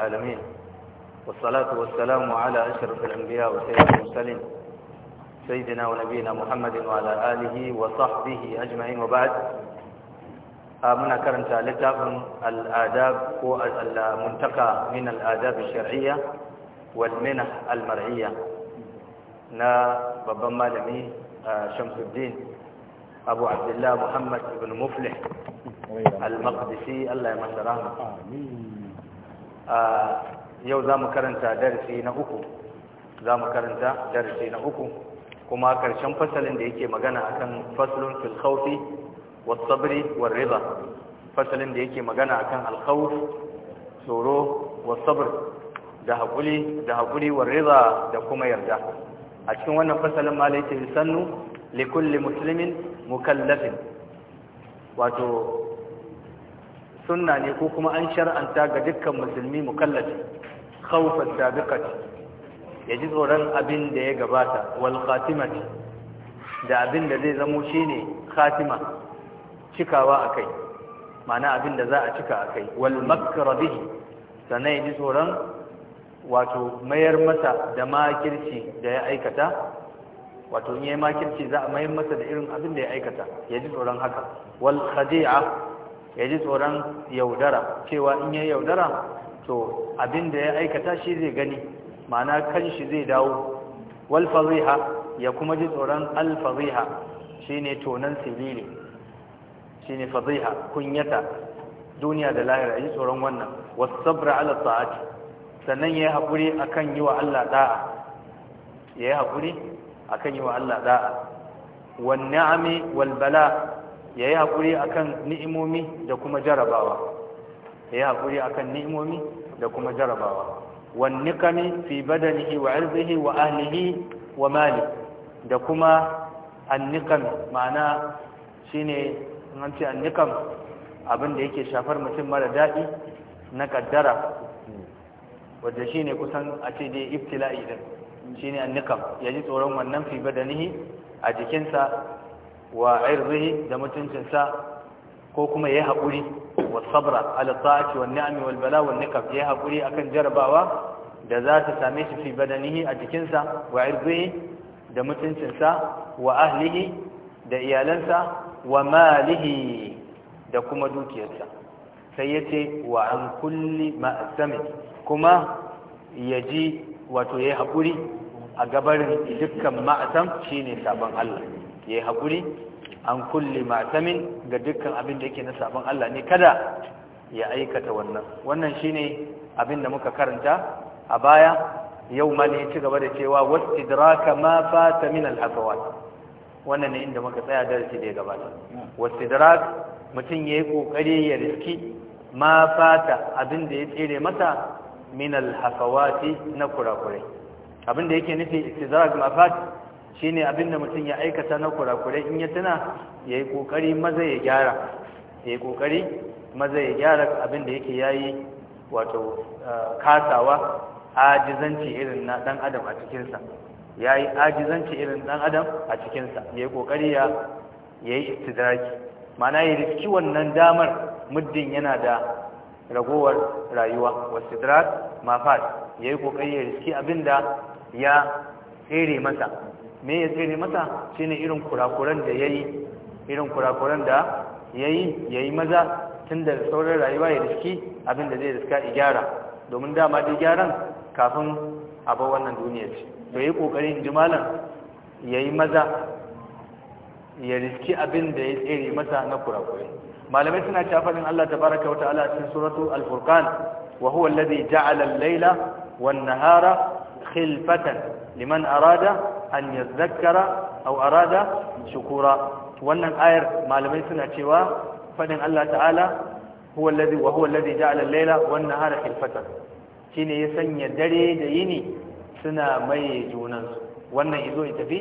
العالمين والصلاة والسلام على أشرف الأنبياء وسيد المرسلين سيدنا ونبينا محمد وعلى آله وصحبه أجمعين وبعد أمنا آه، كرمت لتقن الآداب المنتقى من الآداب الشرعية والمنح المرعية نا بابا مالمي آه، شمس الدين أبو عبد الله محمد بن مفلح المقدسي الله يمسره آمين yau za mu karanta darasi na uku za mu karanta darasi na uku kuma karshen fasalin da yake magana akan fasalin fil khawfi was sabri war fasalin da yake magana akan al khawf tsoro was sabr da hakuri da hakuri war da kuma yarda a cikin wannan fasalin ma laita yusannu li kulli muslimin mukallafin wato sunna ne ko kuma an shar'anta ga dukkan musulmi mukallafi khawfat sabiqati ya ji tsoron abin da ya gabata wal khatimati da abin da zai zamo shine khatima cikawa akai ma'ana abin da za a cika akai wal makra bihi ya ji tsoron wato mayar masa da makirci da ya aikata wato in yayi makirci za a mayar masa da irin abin da ya aikata ya ji tsoron haka wal khadi'a ya ji tsoron yaudara cewa in ya yaudara to abinda ya aikata shi zai gani ma'ana kan shi zai dawo wal ya kuma ji tsoron shi ne tonon tonan shi ne fadhiha kunyata duniya da lahira ji tsoron wannan was sabra ala sa'ad sannan yayi hakuri akan yi wa Allah da'a yayi hakuri akan yi wa Allah da'a wan ni'ami wal bala ya yi haƙuri a kan ni'imomi da kuma jarabawa ya yi haƙuri a kan ni'imomi da kuma jarabawa wani kami fi badanihi wa arzihi wa ahlihi wa mali da kuma annikan ma'ana shine an ce annikan abin da yake shafar mutum mara daɗi na kaddara wadda shine kusan a ce dai ibtila'i din shine annikan ya ji tsoron wannan fi badanihi a jikinsa wa irzihi da mutuncinsa ko kuma yayi hakuri wa sabra ala ta'ati wa ni'ami wal bala wal nikab ya haƙuri akan jarabawa da za ta same shi fi badanihi a jikinsa wa irzihi da mutuncinsa wa ahlihi da iyalansa wa malihi da kuma dukiyarsa sai yace wa an kulli ma'asami kuma ya ji wato yayi haƙuri a gabarin dukkan ma'asam shine sabon Allah ya yi haƙuri an kulle matamin ga dukkan abin da yake na sabon Allah ne kada ya aikata wannan wannan shine abin da muka karanta a baya yau ma ne ya ci gaba da cewa wastidraka ma fata min al-afawat wannan ne inda muka tsaya darasi da ya gabata wastidrak mutum yayi kokari ya riski ma fata abin da ya tsere mata, min al-hafawati na kurakurai abin da yake nufi istidrak ma fata ne abin da mutum ya aikata na kurakurai in ya tuna ya yi kokari maza ya gyara Ya yi kokari maza ya gyara abin da yake yayi wato ah, kasawa ajizanci irin na dan adam a cikinsa ya yi ajizanci irin dan adam a cikinsa. Ya yi kokari ya yi istidraki ma'ana ya riski wannan damar muddin yana da ragowar rayuwa wasu mafad ya yi kokari ya riski abinda ya tsere masa me ya tsere mata shine irin kurakuran da yi irin kurakuran da ya yi maza tun da sauran rayuwa ya riski abin da zai riska i gyara domin dama da gyaran kafin a bar wannan duniya ce to yayi kokarin jimalan yi maza ya riski abin da ya tsere masa na kurakure malamai suna cewa allah ta baraka wa ta'ala cikin suratu alfurkan wa huwa alladhi ja'ala al-laila wan-nahara khilfatan liman arada an yazakkara aw arada shukura wannan ayar malamai suna cewa fadin Allah ta'ala huwa alladhi wa huwa alladhi ja'ala al-layla wan nahara khilfatan shine ya sanya dare da yini suna mai junan su wannan izo ya tafi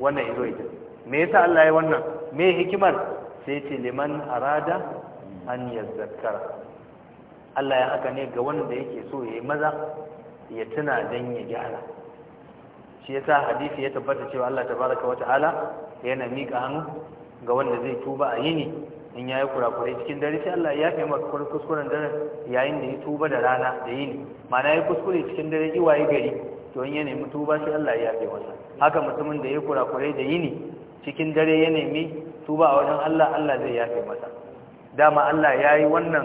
wannan izo ya tafi me yasa Allah ya wannan me hikimar sai ce liman arada an yazakkara Allah ya haka ne ga wanda yake so ya yi maza ya tuna don ya gyara shi sa hadisi ya tabbata cewa Allah tabaraka wa ta'ala yana miƙa hannu ga wanda zai tuba a yini in ya yi kurakurai cikin dare sai Allah ya kai maka kuskuren dare yayin da ya tuba da rana da yini mana ya kuskure cikin dare iwaye gari to in ya nemi tuba sai Allah ya kai masa haka mutumin da ya kurakurai da yini cikin dare ya nemi tuba a wajen Allah Allah zai yafe masa dama Allah ya yi wannan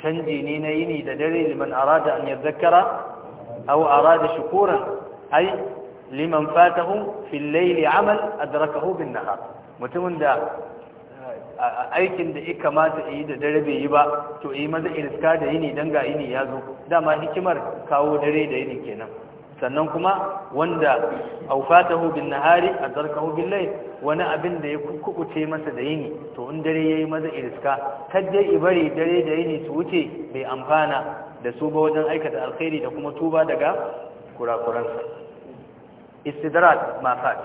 canji ne na yini da dare liman arada an yadhakkara au arada shukuran ai liman fatahu fil layli amal adrakahu bin nahar mutumin da aikin da ya kamata yi da dare bai yi ba to yi maza iriska da yini dan ga yini ya zo dama hikimar kawo dare da yini kenan sannan kuma wanda aufatahu bin nahari azarkahu bil layl wani abin da ya kukuce masa da yini to in dare yayi maza iriska kadda bari dare da yini su wuce bai amfana da su ba wajen aikata alkhairi da kuma tuba daga kurakuransa ma mafat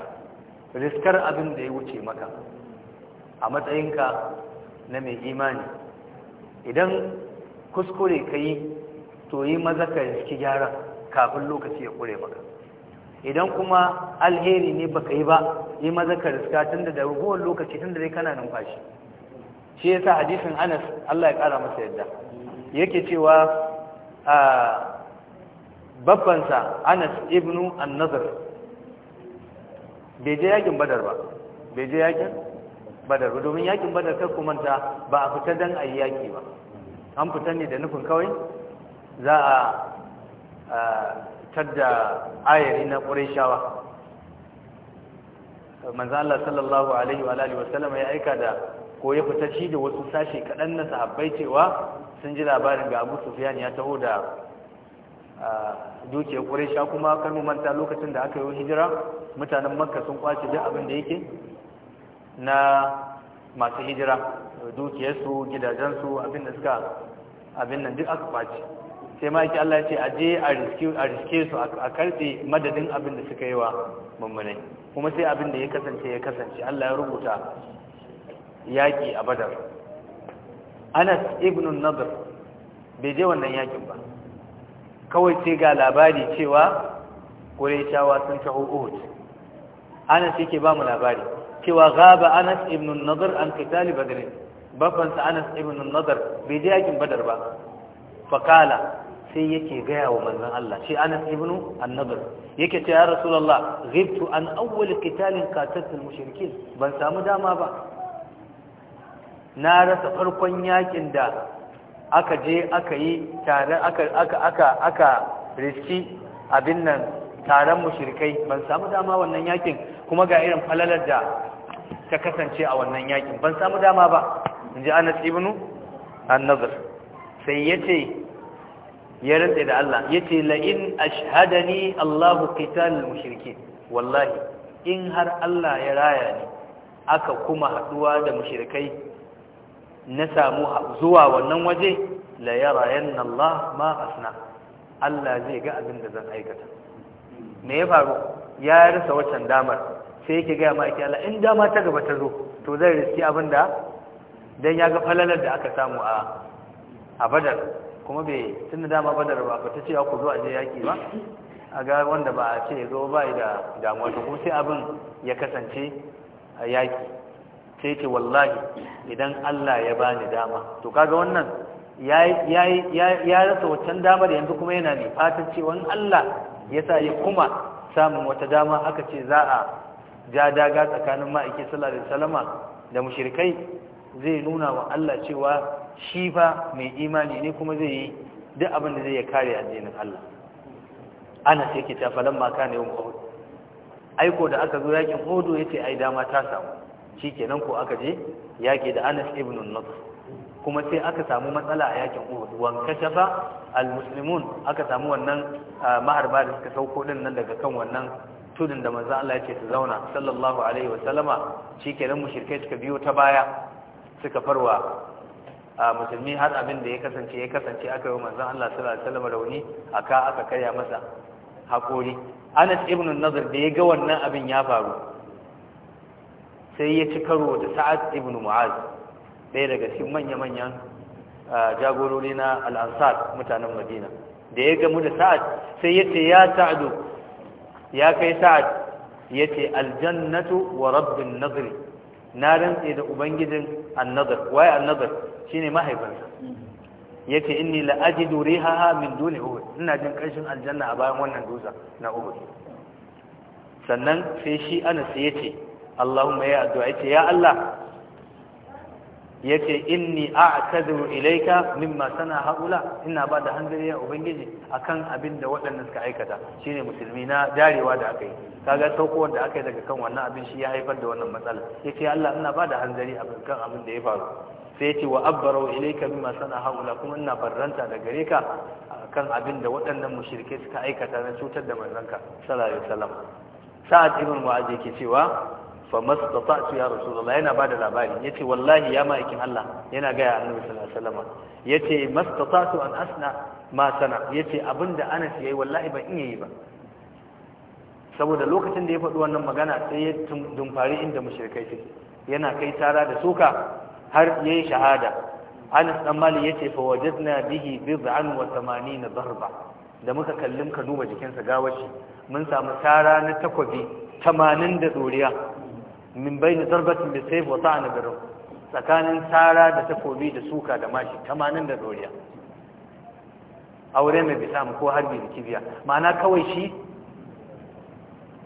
riskar abin da ya wuce maka a matsayinka na mai imani idan kuskure ka yi to yi maza ka riski gyara kafin lokaci ya kure maka idan kuma alheri ne baka yi ba yi maza ka riska tun da dagowar lokaci tun da dai kana numfashi shi yasa hadisin anas Allah ya kara masa yadda yake cewa a babbansa anas ibnu an nazar bai je yakin badar ba bai je yakin badar ba domin yakin badar kar ku manta ba a fita dan yi yaki ba an fita ne da nufin kawai za a tadda ayari na qurayshawa manzo Allah sallallahu alaihi wa alihi ya aika da ko ya fita shi da wasu sashe kadan na sahabbai cewa sun ji labarin ga Abu Sufyan ya taho da dukiyar ƙuraisha kuma kan manta lokacin da aka yi hijira mutanen makka sun kwace duk abin da yake na masu hijira dukiyarsu gidajensu abin da suka abin nan duk aka kwace sai ma yake Allah ya ce a je a riske su a karfe madadin abin da suka yi wa mummunai kuma sai abin da ya kasance ya kasance Allah ya rubuta yaƙi a badar Anas ibn Nadr bai je wannan yakin ba kawai sai ga labari cewa quraishawa sun taho uhud anas yake ba mu labari cewa gaba anas ibn an-nadr an qital badr baban anas ibn an bai je yakin badar ba Fakala sai yake gaya wa manzon Allah shi anas ibn an-nadr yake ce ya rasulullah ghibtu an awwal qitalin qatatul mushrikin ban samu dama ba na rasa farkon yakin da aka je aka yi tare aka aka aka aka riski abin nan taron mushirkai ban samu dama wannan yakin kuma ga irin falalar da ta kasance a wannan yakin ban samu dama ba In ji Anas ibn an nazar. sai ce ya rantsa da Allah ya ce la'in ashhadani Allahu qitalul mushrikin wallahi in har Allah ya raya ni aka kuma haduwa da mushrikai na samu zuwa wannan waje la yanna Allah ma asna Allah zai ga abin da zan aikata me ya faru ya rasa waccan damar sai yake ga mai Allah in dama ta gaba ta zo to zai riski abin da dan ya ga falalar da aka samu a a Badar kuma bai tunda dama Badar ba ba ta ce ku zo a je yaki ba a ga wanda ba a ce zo ba da damuwa to kuma sai abin ya kasance a yaki sai ce wallahi idan Allah ya bani dama to kaga wannan ya rasa dama da yanzu kuma yana ne fatan cewa Allah ya sa ya kuma samun wata dama aka ce za a ja daga tsakanin ma'aiki sallallahu alaihi wasallama da mushrikai zai nuna wa Allah cewa shi fa mai imani ne kuma zai yi duk abin da zai ya kare addinin Allah ana sai ke tafalan maka ne yawan aiko da aka zo yakin hodo yace ai dama ta samu kenan ko aka je yaƙi da Anas ibn Nadr kuma sai aka samu matsala a yakin Uhud wan kashafa almuslimun aka samu wannan ah, maharba da suka sauko din nan daga kan wannan tudun da manzo Allah yake su zauna sallallahu alaihi wa wasallama shikenan mushrikai suka biyo ta baya suka farwa A ah, musulmi har abin da ya kasance ya kasance aka yi manzon Allah sallallahu alaihi wasallam rauni aka aka karya masa hakuri Anas ibn Nadr da ya ga wannan abin ya faru sai ya ci karo da sa'ad ibn mu'az ɗaya daga cikin manya-manyan jagorori na al'ansar mutanen madina da ya gamu da sa'ad sai ya ce ya sa'adu ya kai sa'ad ya ce aljannatu wa rabbin nazari na rantse da ubangijin annazar waye annazar shine mahaifinsa ya ce inni ha ha min dole uwe ina jin ƙarshen aljanna a bayan wannan dutsen na uwe sannan sai shi anas ya ce Allahumma ya addu'a yace ya Allah yace inni a'tadiru ilayka mimma sana haula ina ba da hanzari ya ubangiji akan abin da waɗannan suka aikata shine musulmi na jarewa da aka yi kaga saukowar da aka yi daga kan wannan abin shi ya haifar da wannan matsala yace ya Allah ina ba da hanzari kan abin da ya faru sai yace wa abbaru ilayka mimma sana haula kuma ina barranta da gare ka akan abin da waɗannan mushrike suka aikata na cutar da manzanka sallallahu alaihi wasallam sa'ad ibn mu'adh yake cewa fa mastata'tu ya rasulullah yana ba da labari Ya ce, wallahi ya ma'aikin Allah yana gaya ga annabi sallallahu alaihi wasallam yace mastata'tu an asna ma sana ce abinda Anas yayi wallahi ban iya yi ba saboda lokacin da ya faɗi wannan magana sai ya dumfari inda mushrikai suke yana kai tara da suka har ya yi shahada Anas dan ya ce fa wajadna bihi bid'an wa 80 darba da muka kallin ka duba jikinsa gawashi mun samu tara na takwabi 80 da doriya min bayin darbatin bi sayf wa ta'an bi tsakanin tsara da takobi da suka da mashi tamanin da doriya aure mai bisam ko harbi da kibiya ma'ana kawai shi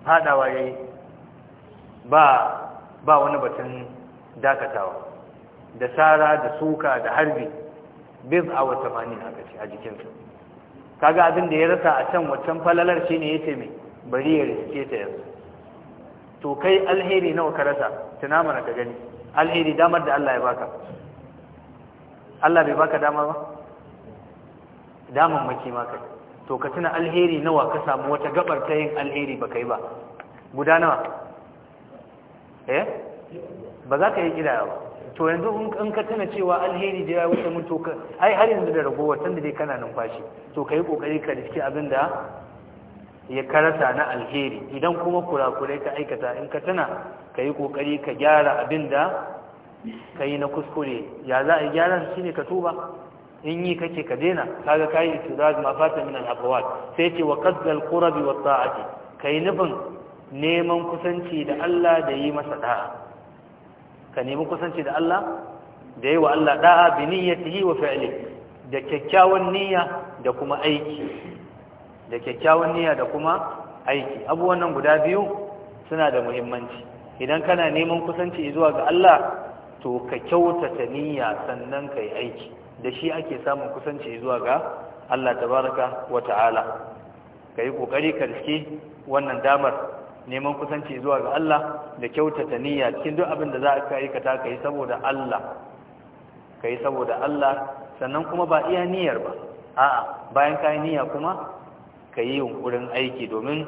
fadawa yayi ba ba wani batun dakatawa da tsara da suka da harbi biz a wata mani aka ce a jikinsa kaga abin da ya rasa a can wancan falalar shine yace mai bari ya riske ta yanzu to kai alheri nawa ka rasa tuna mana ka gani alheri damar da Allah ya baka Allah bai baka dama ba daman maki ma kai to ka tuna alheri nawa ka samu wata gabar ta yin alheri ba kai ba guda nawa eh ba za ka yi kira ba to yanzu in ka tuna cewa alheri da ya wuce mun to ai har yanzu da ragowar tunda dai kana numfashi to kai kokari ka riski abin da ya karasa na alheri idan kuma kurakurai ka aikata in ka tana ka yi kokari ka gyara abin da ka yi na kuskure ya za a gyara shi ne ka tuba in yi kake ka daina kaga kayi itizaz ma fata min al sai ce wa qadal qurbi wa ta'ati kai nufin neman kusanci da Allah da yi masa da'a ka nemi kusanci da Allah da yi wa Allah da'a bi niyyatihi wa fi'li da kyakkyawan niyya da kuma aiki da kyakkyawan niyya da kuma aiki abubuwan nan guda biyu suna da muhimmanci idan kana neman kusanci zuwa ga Allah to ka kyautata niyya sannan kai aiki da shi ake samun kusanci zuwa ga Allah tabaraka wa ta'ala kai kokari ka riske wannan damar neman kusanci zuwa ga Allah da kyautata niyya cikin duk abin da za ka aikata kai saboda Allah kai saboda Allah sannan kuma ba iya niyyar ba a'a bayan kai niyya kuma ka yi yunkurin aiki domin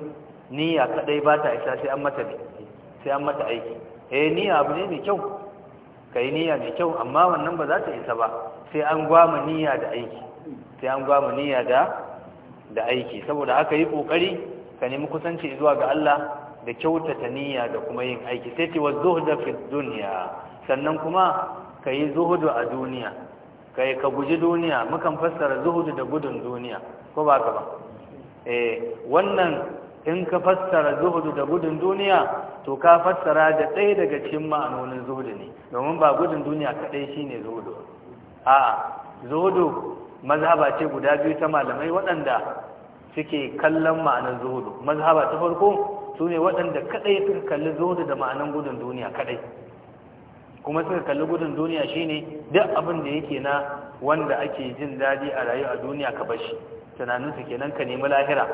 niyya kadai ba ta isa sai an mata sai an mata aiki eh niyya abu ne mai kyau ka yi niyya mai kyau amma wannan ba za ta isa ba sai an gwama niyya da aiki sai an gwama niyya da da aiki saboda aka yi kokari ka nemi kusanci zuwa ga Allah da kyautata niyya da kuma yin aiki sai ce wazuhda fi dunya sannan kuma ka yi zuhudu a duniya kai ka guji duniya mukan fassara zuhudu da gudun duniya ko ba ka ba Eh, wannan in ka fassara zuhudu da gudun duniya to ka fassara da ɗaya daga cikin ma'anonin zuhudu ne domin ba gudun duniya kaɗai shine zuhudu a'a zuhudu mazhaba ce guda biyu ta malamai waɗanda suke kallon ma'anar zuhudu mazhaba ta farko su ne waɗanda kaɗai suka kalli zuhudu da ma'anar gudun duniya kaɗai kuma suka kalli gudun duniya shine duk abin da yake na wanda ake jin daɗi a rayu a duniya ka shi tunaninsu kenan ka nemi lahira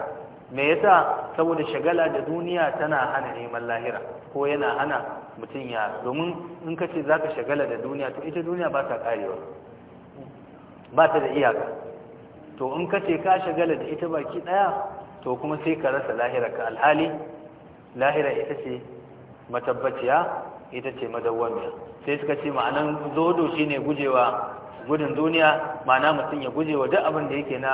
me yasa saboda shagala da duniya tana hana neman lahira ko yana hana mutum ya domin in ka ce za ka shagala da duniya to ita duniya ba ta karewa ba ta da iyaka to in ka ce ka shagala da ita baki daya to kuma sai ka rasa lahira ka alhali lahira ita ce matabbaciya ita ce madawwamiya sai suka ce ma'anan zodo shine gujewa gudun duniya ma'ana mutum ya gujewa duk abin da yake na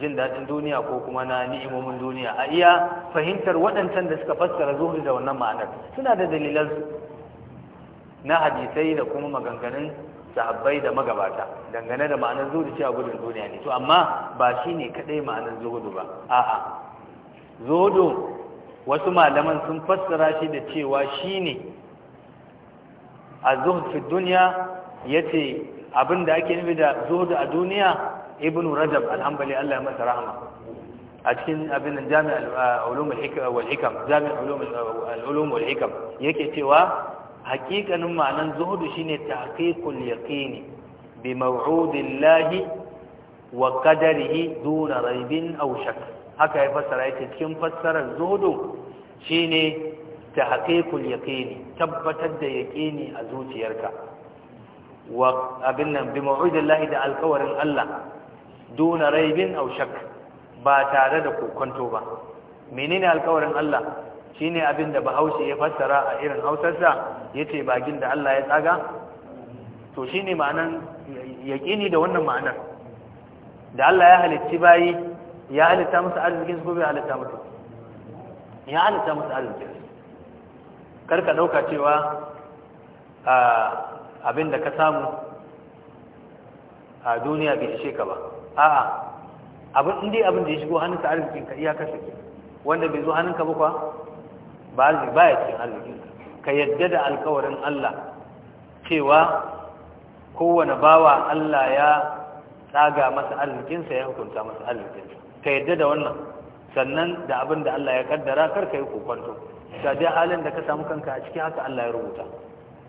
jin daɗin duniya ko kuma na ni'imomin duniya a iya fahimtar waɗancan da suka fassara zuhuri da wannan ma'anar suna da dalilan na hadisai da kuma maganganun sahabbai da magabata dangane da ma'anar zuhuri cewa gudun duniya ne to amma ba shi ne kaɗai ma'anar zuhudu ba a'a zuhudu wasu malaman sun fassara shi da cewa shi ne a zuhud duniya ya ce abin da ake nufi da zuhudu a duniya ibnu rajab alhambali Allah ya masa rahama a cikin abin da jami'a uh, al-hikam uh, jami'ar uh, yake cewa hakikanin ma'anan zuhudu shine tahqiqul yaqini bi Lahi wa qadarihi duna raibin aw shakk haka ya fassara yake cikin fassarar zuhudu shine tahqiqul yaqini tabbatar da yaqini a zuciyarka wa abin nan bi maw'udillahi da alkawarin Allah duna raibin aw shak ba tare da kokonto ba menene alƙawarin Allah shine abin da Bahaushe ya fassara a irin Hausarsa yace bagin da Allah ya tsaga to shine ma'anan yaqini da wannan ma'anar da Allah ya halicci bayi ya halitta musu arzikin su ko halitta musu ya halitta musu arzikin Kar karka dauka cewa ah, abin da ka samu a duniya bai ishe ka ba a'a abin indai abin da ya shigo hannunka arzikin ka iya kashe ke wanda bai zo hannunka ba kwa ba arziki ba ya cikin arzikin ka yadda da alkawarin Allah cewa kowane bawa Allah ya tsaga masa arzikinsa ya hukunta masa arzikinsa ka yadda da wannan sannan da abin da Allah ya kaddara kar ka yi kokonto ga dai halin da ka samu kanka a cikin haka Allah ya rubuta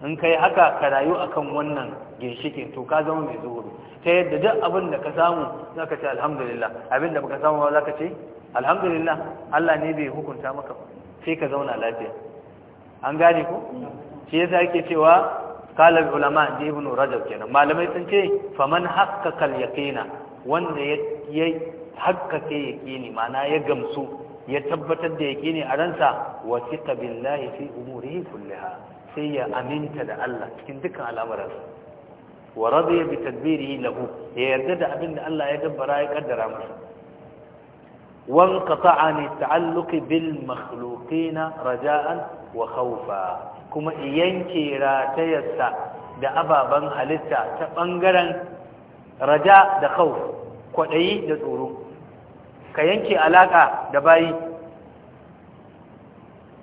in kai haka ka rayu akan wannan ginshikin to ka zama mai zuhuri ta yadda duk abin da ka samu za ka ce alhamdulillah abin da ka samu ba za ka ce alhamdulillah Allah ne bai hukunta maka sai ka zauna lafiya an gane ko shi yasa yake cewa kalar ulama da ibn rajab kenan malamai sun ce faman haqqaqa al-yaqina wanda ya haqqaqa yaqini ma'ana ya gamsu ya tabbatar da yaqini a ransa wasiqa billahi fi umurihi kulliha sai ya aminta da Allah cikin dukkan al'amuransa wa radiya bi tadbirihi lahu ya yarda da abin da Allah ya dabbara ya kaddara masa wan qata'a ni ta'alluki bil makhluqina raja'an wa khawfa kuma yanke ratayarsa da ababen halitta ta bangaren raja da khawf kwaɗayi da tsoro ka yanke alaka da bayi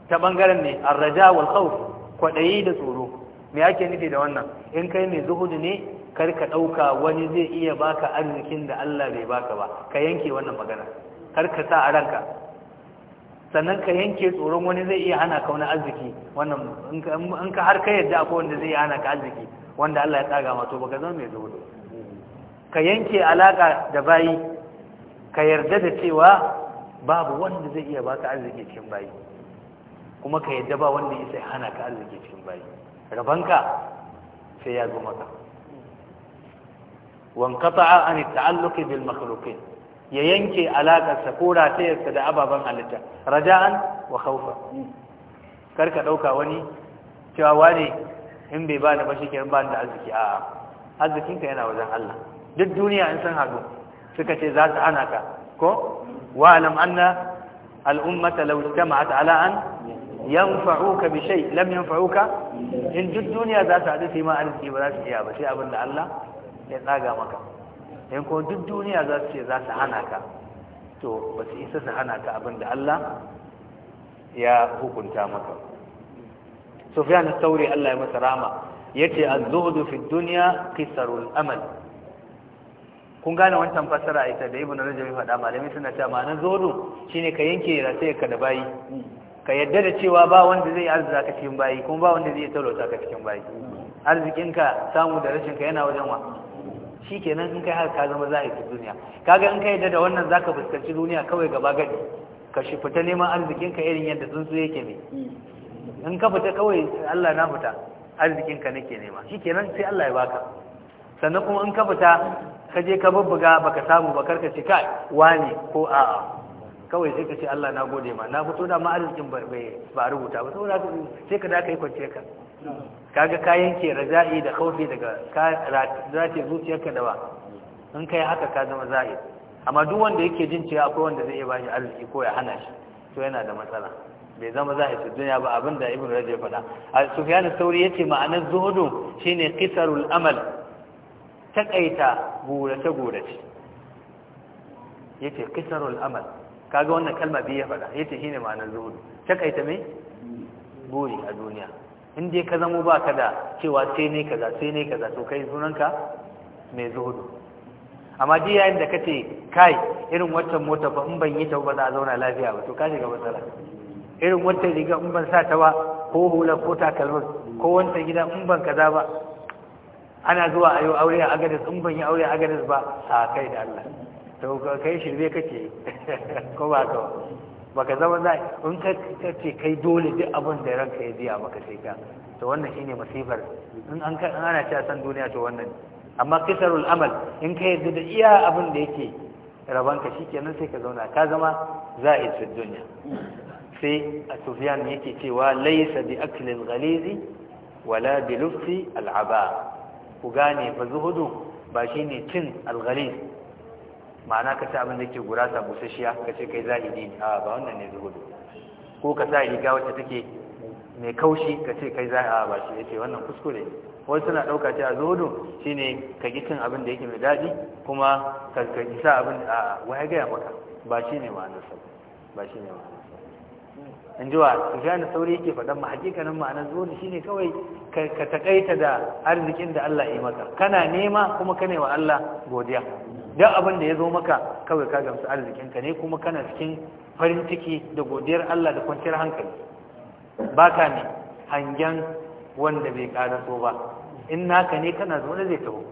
ta bangaren ne a raja wal khawf kwaɗayi da tsoro me ake nufi da wannan in kai mai zuhudu ne kar ka ɗauka wani zai iya baka arzikin da Allah bai baka ba ka yanke wannan magana kar ka sa a ranka sannan ka yanke tsoron wani zai iya hana ka wani arziki wannan in ka har ka yadda akwai wanda zai iya hana ka arziki wanda Allah ya tsaga ma to baka zama mai zuhudu ka yanke alaka da bayi ka yarda da cewa babu wanda zai iya baka arziki cikin bayi kuma ka yadda ba wanda ya sai hana ka arziki cikin bayi rabanka sai ya zo maka wanqata'a an ta'alluqi bil makhluqin ya yanke alakarsa ko ratayarsa da ababen halitta raja'an wa khawfa ka dauka wani cewa wani in bai bani ba shi kenan bani da arziki a'a arzikinka yana wajen Allah duk duniya in san hadu suka ce za ta hana ka ko wa alam anna al ummata law ijtama'at ala an yanfa'uka bi shay lam yanfa'uka in duk duniya za ta hadu sai ma arziki ba za su iya ba sai abin da Allah ya tsaga maka in ko duk duniya za su ce za su hana ka to ba su isa su hana ka abin da Allah ya hukunta maka Sufyan al-Thawri Allah ya masa rahama yace az-zuhdu fi dunya qisarul amal kun gane wancan fassara ita da ibn rajab ya faɗa malamai suna cewa ma'anar zuhudu shine ka yanke ka da bayi ka yadda da cewa ba wanda zai arzuta ka cikin bayi kuma ba wanda zai talauta ka cikin bayi arzikinka samu da rashinka yana wajen wa shikenan in kai har ka zama zahiri duniya kaga in ka yadda da wannan zaka fuskanci duniya kawai gaba gadi ka shi fita neman arzikinka irin yadda tsuntsu yake ne in ka fita kawai Allah na fita arzikinka nake nema shikenan sai Allah ya baka sannan kuma in ka fita ka je ka bubbuga baka samu ba karka ce kai wani ko a'a kawai sai ka ce Allah na gode ma na fito da ma arzikin ba rubuta ba saboda sai ka da ka yi kwance ka kaga kayan ke raja'i da kaufi daga zace zuciyarka da ba in kai haka ka zama za'i amma duk wanda yake jin cewa akwai wanda zai iya shi arziki ko ya hana shi to yana da matsala bai zama za'i su duniya ba abinda ibnu rajab ya faɗa Sufyanu sauri yace ma'anar zuhudu shine qisarul amal takaita gurace gurace yace qisarul amal kaga wannan kalma biyu ya faɗa yace shine ma'anar zuhudu takaita me buri a duniya in dai ka zamo baka da cewa sai ne kaza sai ne kaza to kai sunanka mai zuhudu amma dai yayin da kace kai irin wannan mota ba in ban yi ta ba za a zauna lafiya ba to ka shiga matsala irin wannan riga in ban sa ta ba ko hula ko takalmin ko wannan gida in ban kaza ba ana zuwa a yi aure a agadis in ban yi aure a agadis ba a kai da Allah to ka kai shirme kake ko ba ka baka zama zai in ka ce kai dole duk abin da ranka ya biya maka sai ka to wannan shine masifar in an ka ana ci san duniya to wannan amma kisarul amal in ka yadda da iya abin da yake rabanka shikenan sai ka zauna ka zama za'i fi duniya sai a sufyan yake cewa laysa bi aklil ghalizi wala bi lufi al'aba ku gane fa zuhudu ba shine cin al-ghaliz ma'ana ka ci abin da ke gurasa busasshiya ka ce kai zahidi ne a ba wannan ne zuhudu ko ka sa riga wacce take mai kaushi ka ce kai za a ba shi ya ce wannan kuskure wasu suna ɗauka ce a zuhudu shi ne ka ki cin abin da yake mai daɗi kuma ka ka ki sa abin a wai gaya maka ba shi ne ma'anar sa ba shi ne ma'anar sa in ji wa Sufyan Sauri yake faɗan ma hakikanin ma'anar zuhudu shi ne kawai ka taƙaita da arzikin da Allah ya maka kana nema kuma ka ne wa Allah godiya duk abin da ya zo maka kawai ka gamsu arzikinka ne kuma kana cikin farin ciki da godiyar Allah da kwanciyar hankali ba ka ne hangen wanda bai karaso ba in naka ne kana zaune zai taho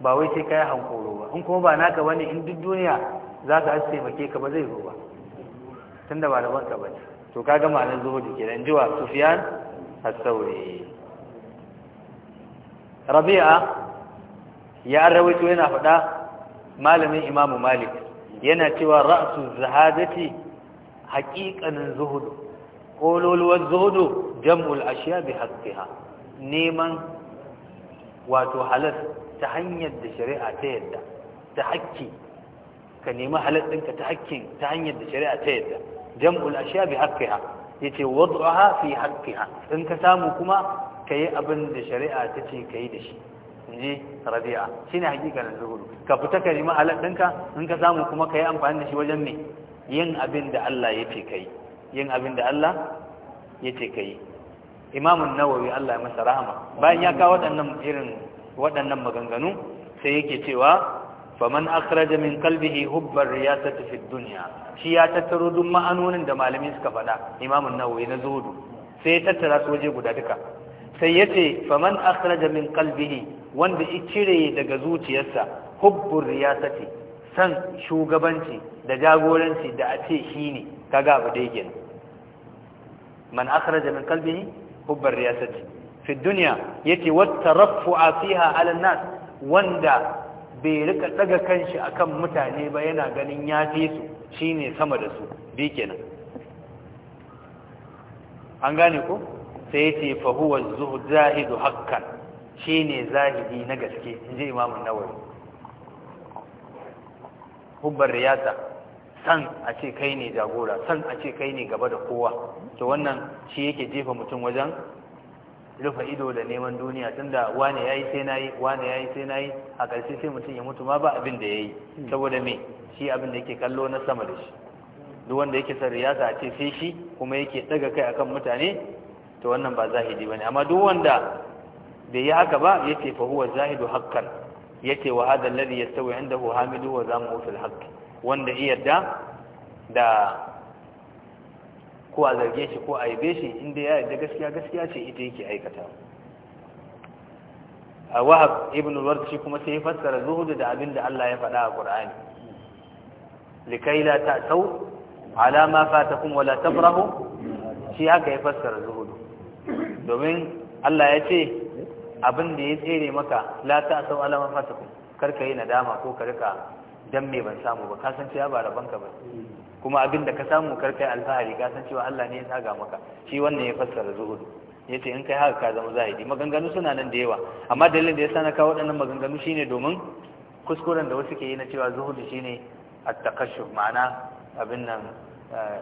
ba wai sai ka yi hankoro ba in kuma ba naka wani in duk duniya za ka hasu taimake ka ba zai zo ba tun da ba da banka ba to ka gama nan zuwa jike da jiwa sufiyan hassauri rabi'a ya rawaito yana faɗa malamin imamu malik yana cewa ra'su zahadati haƙiƙanin zuhudu ƙololuwar zuhudu jam'ul ashiya bi haqqiha neman wato halal ta hanyar da shari'a ta yadda ta hakki ka nemi halal ɗinka ta hakkin ta hanyar da shari'a ta yadda jam'ul ashiya bi haqqiha yace wad'aha fi haqqiha in ka samu kuma kayi abin da shari'a ta ce ka yi da shi ji rabi'a shine hakikanin zuhudu ka fita ka nemi halal ɗinka in ka samu kuma ka yi amfani da shi wajen ne yin abin da Allah ya ce ka yi yin abin da Allah ya ce ka imamun nawawi Allah ya masa rahama bayan ya kawo waɗannan irin waɗannan maganganu sai yake cewa faman akhraja min qalbihi hubbar riyasati fid dunya shi ya tattaro duk ma'anonin da malami suka faɗa imamun nawawi na zuhudu sai ya tattara su waje guda duka sai ya yace faman akhraja min qalbihi wanda ya cire daga zuciyarsa hubbur riyasati san shugabanci da jagoranci da a ce shi shine kaga abu dai kenan man akhraja min qalbihi hubbur riyasati fi dunya yace wata fiha 'ala nas wanda bai rika daga kanshi akan mutane ba yana ganin ya fi su shine sama da su bi kenan an gane ko sai ce fahuwa huwa zahidu shi shine zahidi na gaske inji imamun nawawi hubbar riyasa san a ce kai ne jagora san a ce kai ne gaba da kowa to wannan shi yake jefa mutum wajen rufe ido da neman duniya tunda wane yayi sai nayi wane yayi sai nayi a ƙarshe sai mutum ya mutu ma ba abin da yayi hmm. saboda me shi abin da yake kallo na sama da shi duk wanda yake son riyasa a ce sai shi kuma yake daga kai akan mutane to wannan ba zahidi bane amma duk wanda bai yi haka ba yake fa huwa zahidu haqqan yake wa hada alladhi yastawi indahu hamidu wa zamu fil haqq wanda iya da ko a zarge shi ko a shi inda ya da gaskiya gaskiya ce ita yake aikata a wahab ibn shi kuma sai ya fassara zuhudu da abin da Allah ya faɗa a Qur'ani likai la ta'tau ala ma fatakum wala tafrahu shi haka ya fassara zuhudu domin Allah ya ce abin da ya tsere maka la ta sau alama ku karka yi nadama ko ka rika dan me ban samu ba kasan cewa ba rabon ka ba kuma abin da ka samu karka yi alfahari kasan cewa Allah ne ya tsaga maka shi wannan ya fassara zuhudu ya ce in kai haka ka zama zahidi maganganu suna nan da yawa amma dalilin da ya sa na kawo waɗannan maganganu shine domin kuskuren da wasu ke yi na cewa zuhudu shine at-takashshuf ma'ana abin nan eh,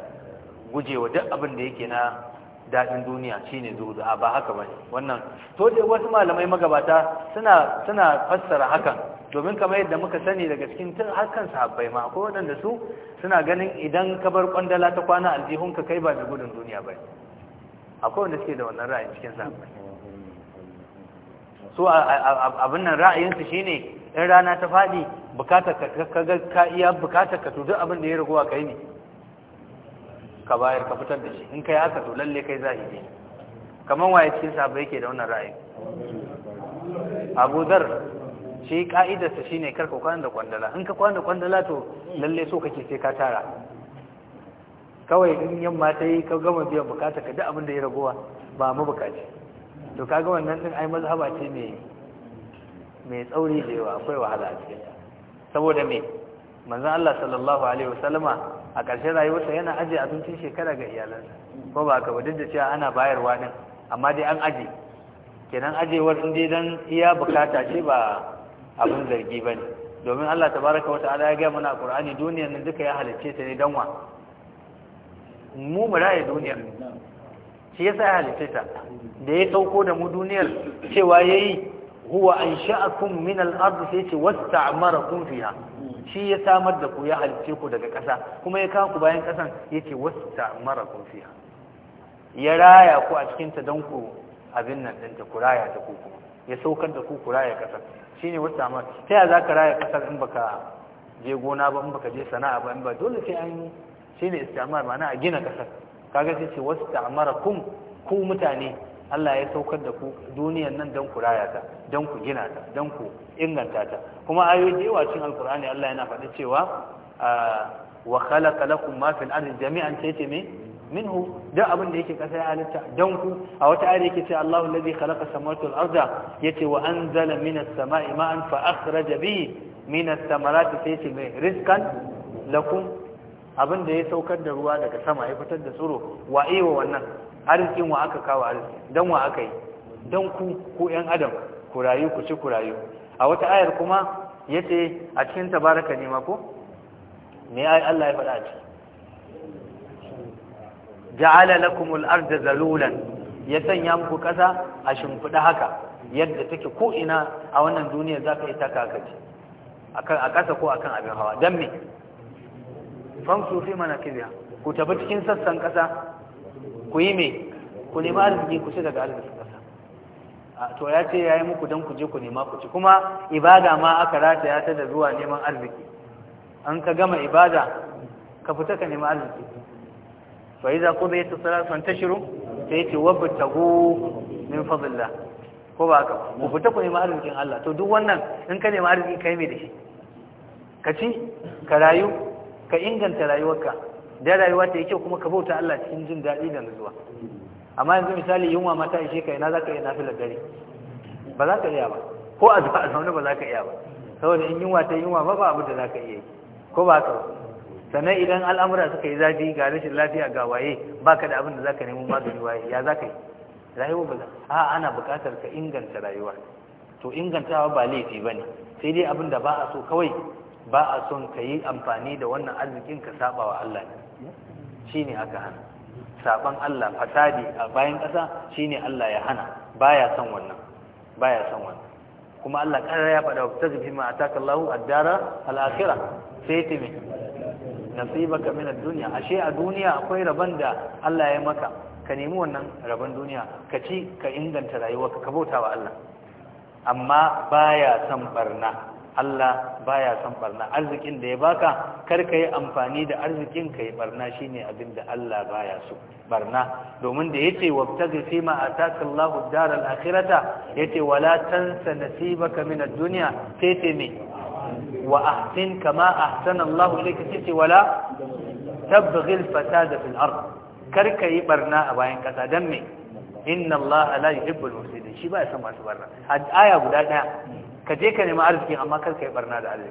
gujewa duk abin da yake na daɗin duniya shine zuhudu a ba haka bane wannan to dai wasu malamai magabata suna suna fassara hakan domin kamar yadda muka sani daga cikin tun harkar sahabbai ma akwai waɗanda su suna ganin idan ka bar kwandala ta kwana aljihun ka kai ba da gudun duniya ba akwai wanda suke da wannan ra'ayin cikin sahabbai su abin nan ra'ayinsu shine in rana ta faɗi bukatar ka ga ka iya bukatar ka to duk abin da ya ragowa kai ne ka bayar ka fitar da shi in kai haka to lalle kai za zahiri kaman waye cikin sabo yake da wannan ra'ayi Abu Dhar shi ka'idarsa shine karka kwana da kwandala in ka kwana da kwandala to lalle so kake sai ka tara kawai in yamma ta yi ka gama biyan bukata ka ji abin da ya ragowa ba mu bukaci to kaga wannan din ai mazhaba ce mai mai tsauri da yawa akwai wahala a cikin saboda me manzan Allah sallallahu alaihi wasallama a ƙarshen rayuwarsa yana aje abincin shekara ga iyalansa ko ba ka duk da cewa ana bayarwa din amma dai an aje kenan ajewar in dai dan iya bukata ce ba abin zargi bane domin Allah tabaraka ala ya ga mana a Qur'ani nan duka ya halicce ta ne danwa wa mu mu raye duniyar shi yasa ya halicce ta da ya sauko da mu duniyar cewa yayi huwa ansha'akum min al-ard sai ce wasta'marakum fiha shi ya samar da ku ya halice ku daga ƙasa kuma ya kawo ku bayan ƙasan ya ce wasu ta'amara kun fiya ya raya ku a cikinta don ku abin nan ɗinta ku raya ta ku ya saukar da ku ku raya ƙasar shi ne wasu ta'amara ta yaya za ka raya ƙasar in baka je gona ba in baka je sana'a ba in ba dole sai an shi ne istamar ma'ana a gina ƙasar kaga sai ce wasu ta'amara kun ku mutane Allah ya saukar da ku duniyar nan don ku raya ta don ku gina ta don ku inganta ta kuma ayoyi da yawa alkur'ani Allah yana faɗi cewa ah, wa khalaqa lakum ma fil ardi jami'an tayti me minhu da abin da yake kasa ya halitta don ku a wata ayar yake ce Allahu alladhi khalaqa samawati wal arda yace wa anzala minas sama'i ma'an fa akhraja bihi minas samarati tayti me rizqan lakum abin da ya saukar da ruwa daga sama ya fitar da tsiro wa wannan arzikin wa aka kawo arziki don wa aka yi don ku ku yan adam ku rayu ku ci ku rayu a wata ayar kuma ya ce a cikin tabaraka ne mako? ne ya ai Allah ya faɗa ce ja'ala lakumul arda zalulan ya sanya muku ƙasa a shimfiɗa haka yadda take ko ina a wannan duniya ka yi takakaci a ƙasa ko akan abin hawa Don me fansu fi manakibiha ku tafi cikin sassan ƙasa ku yi mai ku nema arziki ku ci daga arzikin ƙasa to ya ce ya yi muku don ku je ku nema ku ci kuma ibada ma aka rataya ta da zuwa neman arziki an ka gama ibada ka fita ka nema arziki ta tsara son ta shiru ta sai ce wabtagu min fadlillah ko ba ka? ku fita ku nema arzikin Allah to duk wannan in ka nema arziki yi mai da shi ka ci ka rayu ka inganta rayuwarka da rayuwa ta yi kyau kuma ka bauta Allah cikin jin daɗi da nutsuwa amma yanzu misali yunwa mata ishe kai ina za ka yi nafilar dare ba za ka iya ba ko a zuwa zaune ba za ka iya ba saboda in yunwa ta yunwa ba ba abu da za ka iya yi ko ba ka sannan idan al'amura suka yi zafi ga rashin lafiya ga waye ba ka da abin da za ka nemi magani waye ya za ka yi rayuwa ba za a ana buƙatar ka inganta rayuwa to ingantawa ba laifi ba ne sai dai abin da ba a so kawai ba a son ka yi amfani da wannan arzikin ka saba wa Allah ne shine aka hana saban Allah fasadi a bayan ƙasa shine Allah ya hana baya son wannan baya son wannan kuma Allah ƙarar ya faɗa wa tajbi ma ataka Allahu ad-dara al-akhirah sai ta me nasibaka min ad-dunya ashe a duniya akwai rabon da Allah ya maka ka nemi wannan rabon duniya ka ci ka inganta rayuwarka ka wa Allah amma baya son barna Allah baya son barna arzikin da ya baka kar yi amfani da arzikin ka yi barna shine abin da Allah baya so barna domin da yace wabtaghi fi ma ataka Allahu ad-daral akhirata yace wala tansa nasibaka min ad-dunya tete me wa ahsin kama ahsana Allahu ilayka tete wala tabghi al-fasada fil ard yi barna a bayan kasa dan me inna Allah la yuhibbul mufsidin shi ba ya son masu barna aya guda daya ka je ka nemi arziki amma kar ka yi barna da Allah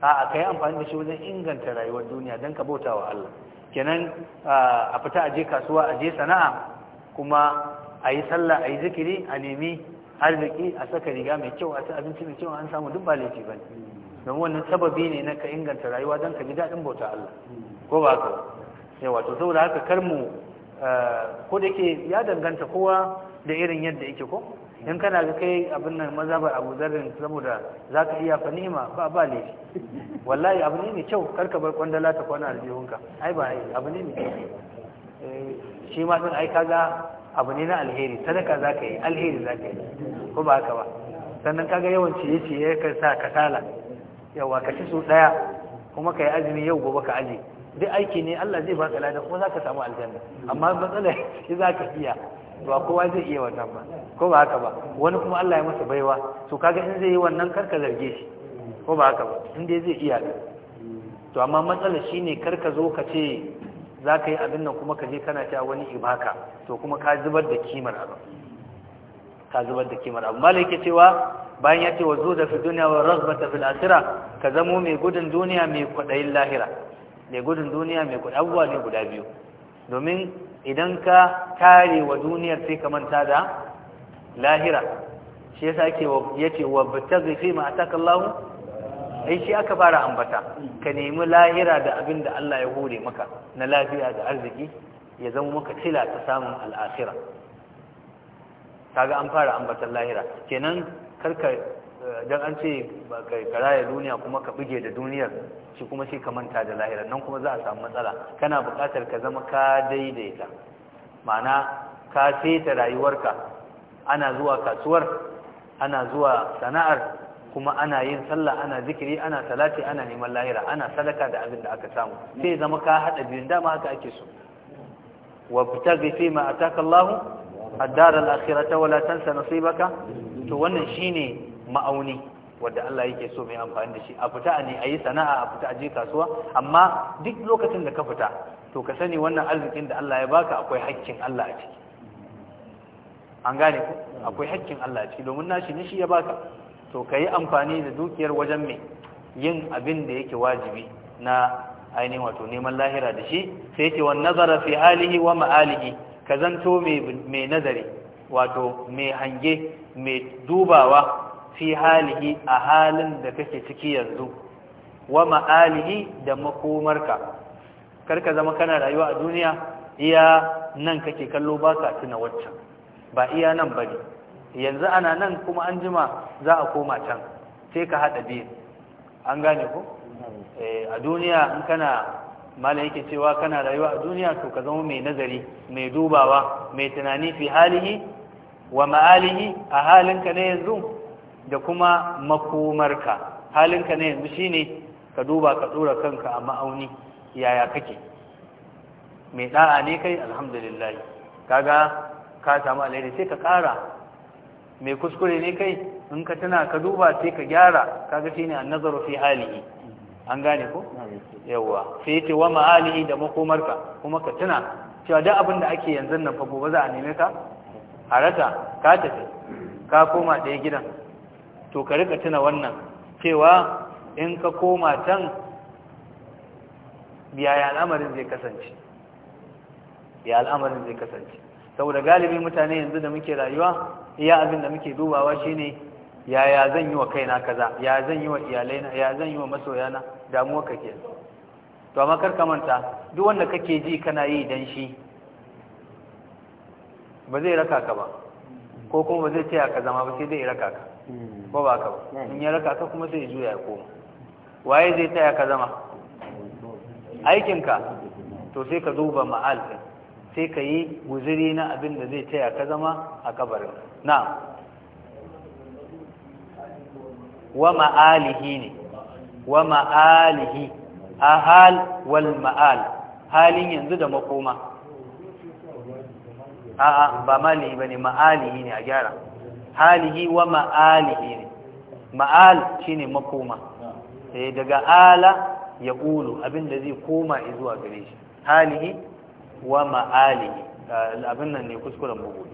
a'a ka yi amfani da shi wajen inganta rayuwar duniya don ka bauta wa Allah kenan a fita a je kasuwa a je sana'a kuma a yi sallah a yi zikiri a nemi arziki a saka riga mai kyau a ci abinci mai kyau an samu duk ba laifi ba don wannan sababi ne na ka inganta rayuwa don ka ji daɗin bauta Allah ko ba ka sai wato saboda haka kar mu ko da ke ya danganta kowa da irin yadda yake ko in kana ga kai abin nan ba abu zarrin saboda za ka iya fa ni'ima ba ba ne wallahi abu ne mai kyau kar bar kwandala ta kwana aljihunka ai ba ai abu ne mai kyau eh, shi ma ai kaga abu ne na alheri sadaka za ka yi alheri za ka yi ko ba haka ba sannan kaga yawan ciye ciye kan sa tala yawa ka ci su daya kuma ka yi azumi yau gobe ka aje duk aiki ne Allah zai baka ladan kuma za ka samu aljanna amma matsalar shi za ka iya ba kowa zai iya wannan ba ko ba haka ba wani kuma Allah ya masa baiwa to kaga in zai yi wannan karka zarge shi ko ba haka ba in dai zai iya to amma matsalar shine karka zo ka ce za ka yi abin nan kuma ka je kana cewa wani ibaka to kuma ka zubar da kimar abu ka zubar da kimar abu malai ke cewa bayan ya ce wa zo da fi duniya wa rasbata fil asira ka zamo mai gudun duniya mai kwaɗayin lahira mai gudun duniya mai kwaɗayin abubuwa ne guda biyu domin idan ka kare wa duniyar sai ka manta da lahira shi yasa ake yace wa bataghi fi ma Allah ai shi aka fara ambata ka nemi lahira da abin da Allah ya hore maka na lafiya da arziki ya zama maka tila ta samun al'akhirah kaga an fara ambatan lahira kenan karka dan an ce kara ya duniya kuma ka buge da duniyar shi kuma shi ka manta da lahira nan kuma za a samu matsala kana buƙatar ka zama ka daidaita ma'ana ka seta rayuwarka ana zuwa kasuwar ana zuwa sana'ar kuma ana yin sallah ana zikiri ana salati ana neman lahira ana sadaka da abin da aka samu sai zama ka haɗa biyun dama haka ake so wa bitaghi fi ma takallahu a ad-dar ta akhirata wa la tansa nasibaka to wannan shine ma'auni wadda Allah yake so mai amfani da shi a fita ne a yi sana'a a fita a je kasuwa amma duk lokacin da ka fita to ka sani wannan arzikin da Allah ya baka akwai haƙƙin Allah a ciki an gane ku akwai haƙƙin Allah a ciki domin nashi ne shi ya baka to ka yi amfani da dukiyar wajen mai yin abin da yake wajibi na ainihin wato neman lahira da shi sai yake wan nazara fi halihi wa ma'alihi ka zanto mai nazari wato mai hange mai dubawa fi halihi a halin da kake ciki yanzu wa ma'alihi da makomarka karka zama kana rayuwa a duniya iya nan kake kallo baka ka tuna waccan ba iya nan ba ne yanzu ana nan kuma an jima za a koma can sai ka haɗa biyu an gane ko eh, a duniya in kana mala yake cewa kana rayuwa a duniya to ka zama mai nazari mai dubawa mai tunani fi halihi wa ma'alihi a halinka na yanzu da kuma makomarka halinka ne yanzu shi ne. ka duba ka tsura kanka a ma'auni yaya kake mai da'a ne kai alhamdulillah kaga ka samu alaidai sai ka kara mai kuskure ne kai in ka tana ka duba sai ka gyara kaga an nazaru fi halihi an gane ko Yawwa. fi wa ma'alihi da makomarka kuma ka tuna cewa duk abin da ake yanzu nan fa gobe za a neme ka harata ka tafi ka koma ɗaya gidan to ka rika tuna wannan cewa in ka koma can yaya al'amarin zai kasance ya al'amarin zai kasance saboda galibi mutane yanzu da muke rayuwa iya abin da muke dubawa shine yaya zan yi wa kaina kaza ya zan yi wa iyalaina ya zan yi wa masoyana damuwa kake to amma kar ka manta duk wanda kake ji kana yi dan shi ba zai raka ka ba ko kuma ba zai taya ka zama ba sai dai raka ka hmm. ko ba ka ba hmm. in ya raka ka kuma sai juya ya koma waye zai taya ka zama aikinka to sai ka duba ma'al sai ka yi guziri na abin da zai taya ka zama a kabarin na wa ma'alihi ne wa ma'alihi ahal wal ma'al halin yanzu da makoma a'a ba malihi bane ma'alihi ne a gyara halihi wa ma'alihi ne ma'al shine makoma sai eh, daga ala ya ƙulu abinda zai koma zuwa gare shi halihi wa ma'alihi eh, abin nan ne kuskuren bugu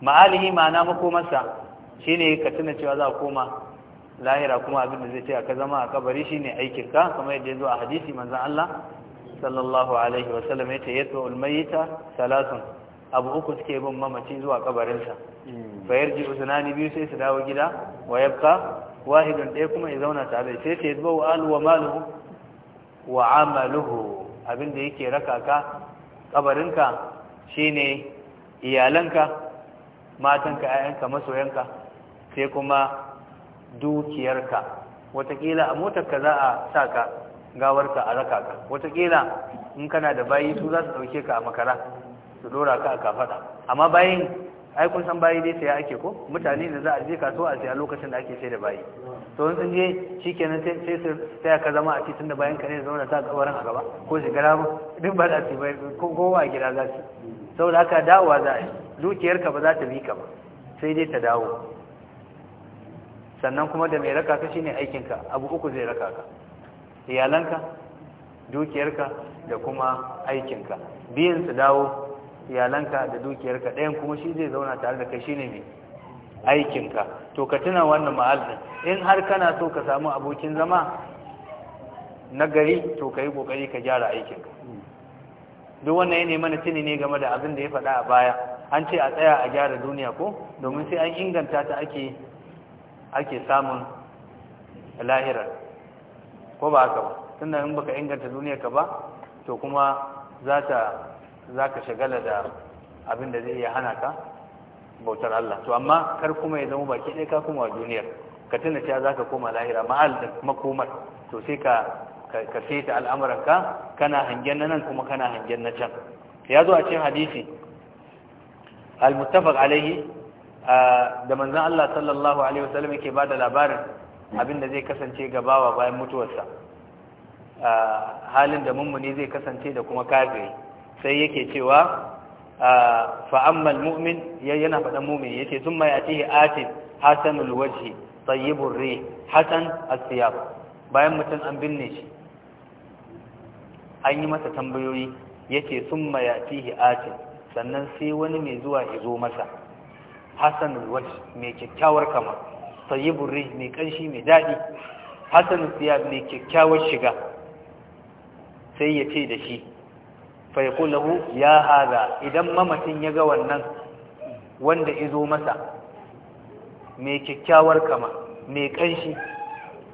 ma'alihi ma'ana makomarsa shine ka tuna cewa za a koma lahira kuma abinda zai ce ka zama a kabari shine aikin ka kamar yadda ya zo a hadisi manzon Allah sallallahu alaihi wa sallam yace yatwa al-mayyita salatun abu uku suke bin mamaci zuwa kabarinsa bayar hmm. ji usunani biyu sai su dawo gida wa yabka wahidun ɗaya kuma ya zauna tare sai sai zuwa wa wa maluhu wa amaluhu abinda yake raka ka kabarinka shine iyalanka matanka ayanka masoyanka sai kuma dukiyarka watakila a motarka za a sa ka gawarka a raka ka watakila in kana da bayi su za su ɗauke ka a makara su dora ka a faɗa amma bayin ai kun san bayi dai sai ake ko mutane da za a je kasuwa a saya lokacin da ake sai da bayi to in sun je shikenan sai sai su tsaya ka zama a titin da bayan ka ne zauna ta kabarin a gaba ko shi gara ba duk ba za su bai ko kowa gida za su saboda haka dawowa za a yi dukiyar ka ba za ta bi ka ba sai dai ta dawo sannan kuma da mai raka ka shine aikin ka abu uku zai raka ka iyalanka dukiyarka da kuma aikinka biyan su dawo iyalanka da dukiyarka ɗayan kuma shi zai zauna tare da kai shine mai aikinka to ka tuna wannan ma'azin in har kana so ka samu abokin zama na gari to ka yi ƙoƙari ka gyara aikinka duk wannan ya nema na tuni ne game da abin da ya faɗa a baya an ce a tsaya a gyara duniya ko domin sai an inganta ta ake ake samun lahirar ko ba haka ba tunda in baka inganta duniyarka ba to kuma za ta za ka shagala da abin da zai iya hana ka bautar Allah to amma kar kuma ya zama baki ɗaya ka kuma duniyar ka tuna cewa za ka koma lahira ma'al da makomar to sai ka ka feta al'amuranka kana hangen na nan kuma kana hangen na can ya zo a cikin hadisi al-muttafaq alaihi da manzon Allah sallallahu alaihi wasallam yake bada labarin abin da zai kasance gabawa bayan mutuwarsa halin da mummuni zai kasance da kuma kafiri sai yake cewa ah, fa'ammal mu'min yana faɗa mu'min yake sun mai atihi atin hasanul wajhi tayyibur ri hasan asiyab bayan mutum an binne shi an yi masa tambayoyi yake sun mai atihi atin sannan sai wani mai zuwa ya zo masa hasanul wajhi mai kyakkyawar kama tayyibur ri mai kanshi mai daɗi hasanul siyab mai kyakkyawar shiga sai ya ce da shi fa ya hada idan mamatin ya ga wannan wanda izo masa mai kyakkyawar kama mai kanshi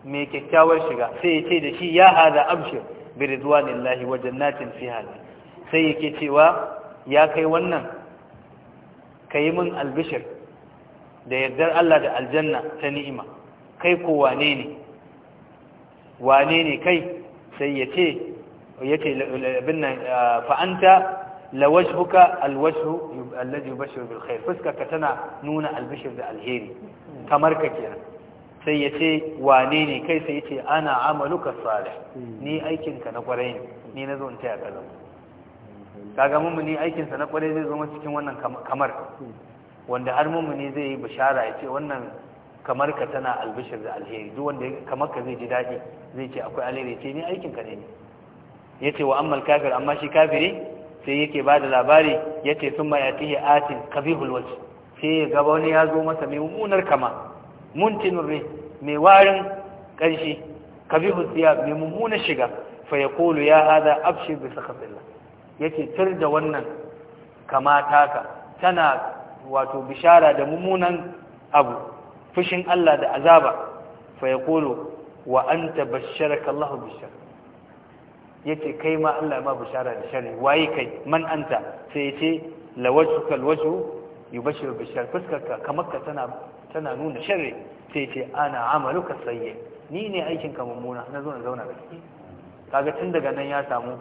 mai kyakkyawar shiga sai ya ce da shi ya hada abshir bi wajen wa jannatin fiha sai yake cewa ya kai wannan kai min albishir da yardar Allah da aljanna ta ni'ima kai ko wane ne wane ne kai sai ya ce yace bin nan fa anta lawajhuka alwajhu alladhi yubashshiru bil khair fuskarka tana nuna albishir da alheri kamar ka kenan sai yace wane ne kai sai yace ana amaluka salih ni aikin ka na kwarai ne ni nazo in taya ka kaga mun ni aikin sa na kwarai zai zo cikin wannan kamar wanda har mun ne zai yi bishara yace wannan kamar ka tana albishir da alheri duk wanda kamar ka zai ji dadi zai ce akwai alheri ce ni aikin ka ne yace wa ammal kafir amma shi kafiri sai yake bada labari yace thumma yatihi atin qabihul wajh sai gaba wani ya zo masa mai mummunar kama muntinur rih mai warin karshe qabihul siya mai mummunar shiga fa ya hada abshir bi sakhatillah yace tir da wannan kama taka tana wato bishara da mummunan abu fushin Allah da azaba fa yaqulu wa anta basharaka Allah ya ce kai ma Allah ba bishara da shari waye kai man anta sai yace lawajhuka alwajhu yubashiru bishar fuskarka kamar ka tana tana nuna shari sai ce ana amaluka sayyi ni ne aikin ka mummuna na zo na zauna da kai kaga tun daga nan ya samu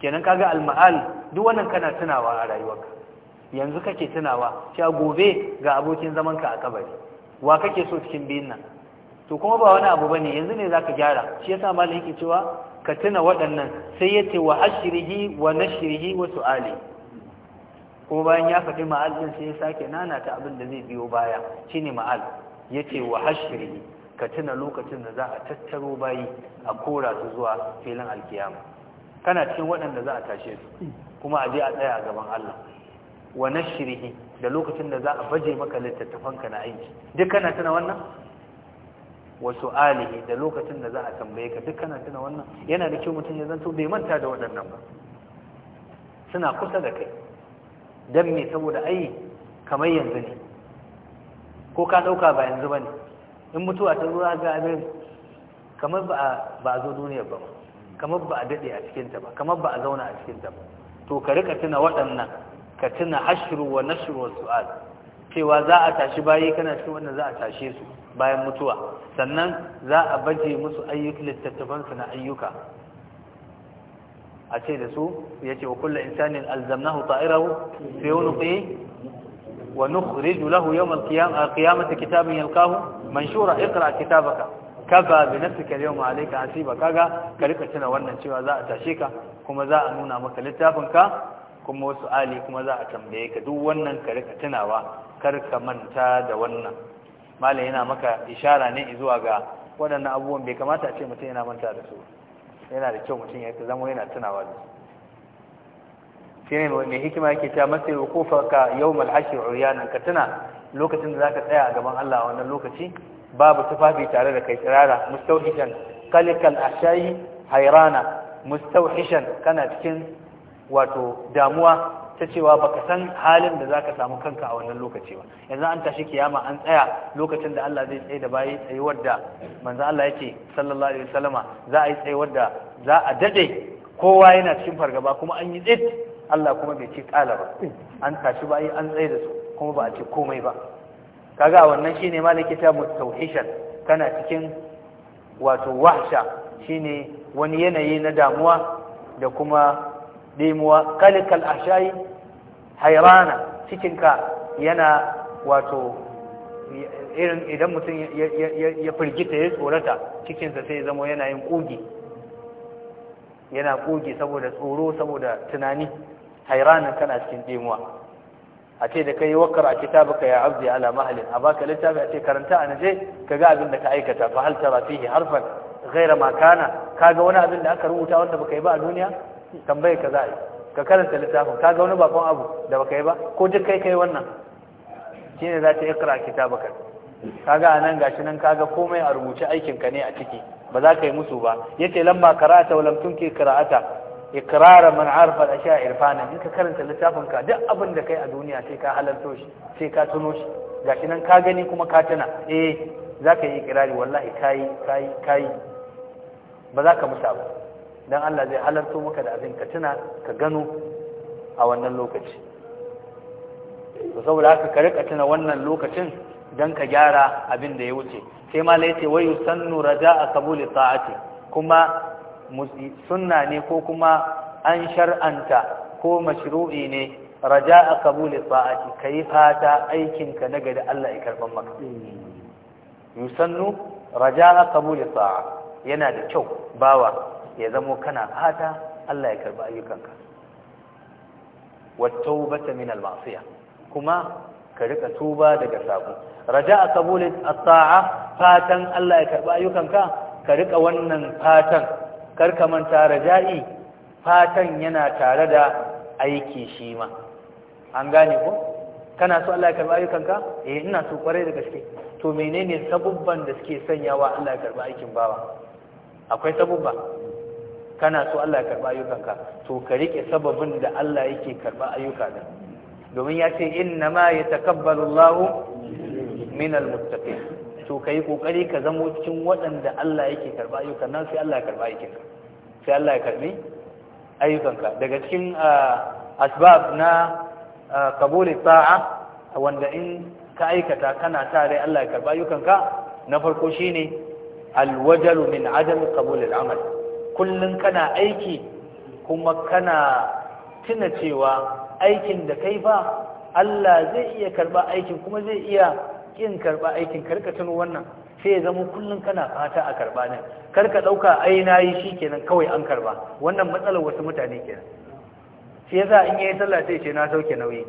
kenan kaga almaal duk wannan kana tunawa a rayuwarka yanzu kake tunawa cewa gobe ga abokin zamanka a kabari wa kake so cikin biyun nan to kuma ba wani abu bane yanzu ne zaka gyara shi yasa malaka yake cewa ka tuna waɗannan sai ya ce wa ashirihi wa shirihi wa su'ali ko bayan ya faɗi ma'al ɗin sai ya sake nana ta abin da zai biyo baya ne ma'al ya ce wa ashirihi ka tuna lokacin da za a tattaro bayi a kora su zuwa filin alkiyama kana cikin waɗanda za a tashe su kuma a je a tsaya a gaban Allah wa shirihi da lokacin da za a baje maka littattafanka na aiki duk kana tuna wannan wa su'alihi da lokacin da za a tambaye ka duk kana tuna wannan yana da kyau mutum ya zanto bai manta da waɗannan ba suna kusa da kai dan me saboda ai kamar yanzu ne ko ka ɗauka ba yanzu ba ne in mutuwa ta zuwa ga abin kamar ba a zo duniyar ba kamar ba a daɗe a ta ba kamar ba a zauna a ta ba to ka rika tuna waɗannan ka tuna ashiru wa nashiru wa su'al cewa za a tashi bayi kana cikin wannan za a tashe su bayan mutuwa sannan za a baje musu ayyukan littattafansu na ayyuka a ce da su ya ce wa kulla insanin alzamnahu ta'irahu fi yunqi wa nukhrij lahu yawm al-qiyamati kitaban yalqahu manshura iqra kitabaka kafa bi nafsika al-yawma alayka hasiba kaga ka rika tuna wannan cewa za a tashe ka kuma za a nuna maka littafinka kuma wasu ali kuma za a tambaye ka duk wannan ka rika tunawa karka manta da wannan malam yana maka ishara ne zuwa ga waɗannan abubuwan bai kamata a ce mutum yana manta da su yana da kyau mutum ya zama yana tunawa da su ne mai hikima yake ta masa farka yau malhashi uryanan ka tuna lokacin da zaka tsaya a gaban Allah a wannan lokaci babu tufafi tare da kai tsirara mustawhishan qalikal hairana hairana mustauhishan kana cikin wato damuwa ta cewa ba ka san halin da zaka samu kanka a wannan lokaci ba yanzu an tashi kiyama an tsaya lokacin da Allah zai tsaye da bayi tsayuwar da manzo Allah yake sallallahu alaihi wasallama za a yi tsayuwar da za a dade kowa yana cikin fargaba kuma an yi tsit Allah kuma bai ce kala ba an tashi bayi an tsaye da su kuma ba a ce komai ba kaga wannan shine malaki ta mutauhishan kana cikin wato wahsha shine wani yanayi na damuwa da kuma Demuwa kalikal shayi hairana cikinka yana wato irin idan mutum ya firgita ya tsorata cikinsa sai zama yana yin kogi yana kogi saboda tsoro saboda tunani hairanan kana cikin demuwa a ce da kai wakar a ka ya abdi ala mahalin a baka littafi a ce karanta a naje ka ga abin da ka aikata fa hal tara fihi harfan ghaira ma kana kaga wani abin da aka rubuta wanda baka yi ba a duniya tambaye ka za a yi ka karanta littafin ka ga wani bakon abu da baka yi ba ko duk kai kai wannan shi ne za ta ikra kitabaka ka ga gashi nan ka ga komai a rubuce aikin ka ne a ciki ba za ka yi musu ba yace lamma karata wa lam ke karata ikirara man arafa shi a irfana in ka karanta littafin ka duk abin da kai a duniya sai ka halarto shi sai ka tuno shi gashi nan ka gani kuma ka tana eh za ka yi ikirari wallahi yi ka yi ba za ka musa ba dan Allah zai halarto maka da abin ka tuna ka gano a wannan lokaci to saboda haka ka rika tuna wannan lokacin dan ka gyara abin da ya wuce sai ma la yace wayu sannu raja'a qabul ta'ati kuma sunna ne ko kuma an shar'anta ko mashru'i ne raja'a qabul ta'ati kai fata aikin ka na gari Allah ya karban maka hmm. yusannu raja'a qabul ta'a yana da kyau bawa ya zamo kana fata Allah ya karbi ayyukanka wattaubata min al-ma'siyah kuma ka rika tuba daga sabo raja'a qabulat at-ta'a fatan Allah ya karbi ayyukanka ka rika wannan fatan karka manta raja'i fatan yana tare da aiki shi ma an gane ko kana so Allah ya karbi ayyukanka eh ina so kware da gaske to menene sabubban da suke sanyawa Allah ya karbi aikin bawa akwai sabubba kana so Allah ya karba ayyukanka to ka rike sababin da Allah yake karba ayyuka da domin ya ce inna ma yatakabbalu Allahu min almuttaqin to kai kokari ka zamo cikin waɗanda Allah yake karba ayyukan nan sai Allah ya karba ayyukanka sai Allah ya karbi ayyukanka daga cikin asbab na kabuli ta'a wanda in ka aikata kana sa rai Allah ya karba ayyukanka na farko shine alwajalu min adam qabul al'amal kullum kana aiki kuma kana tuna cewa aikin da kai ba Allah zai iya karba aikin kuma zai iya kin karba aikin karka tuno wannan sai ya zama kullum kana fata a karba ne karka dauka ai nayi shikenan kawai an karba wannan matsalar wasu mutane kenan sai yasa in yayi sallah sai ce na sauke nauyi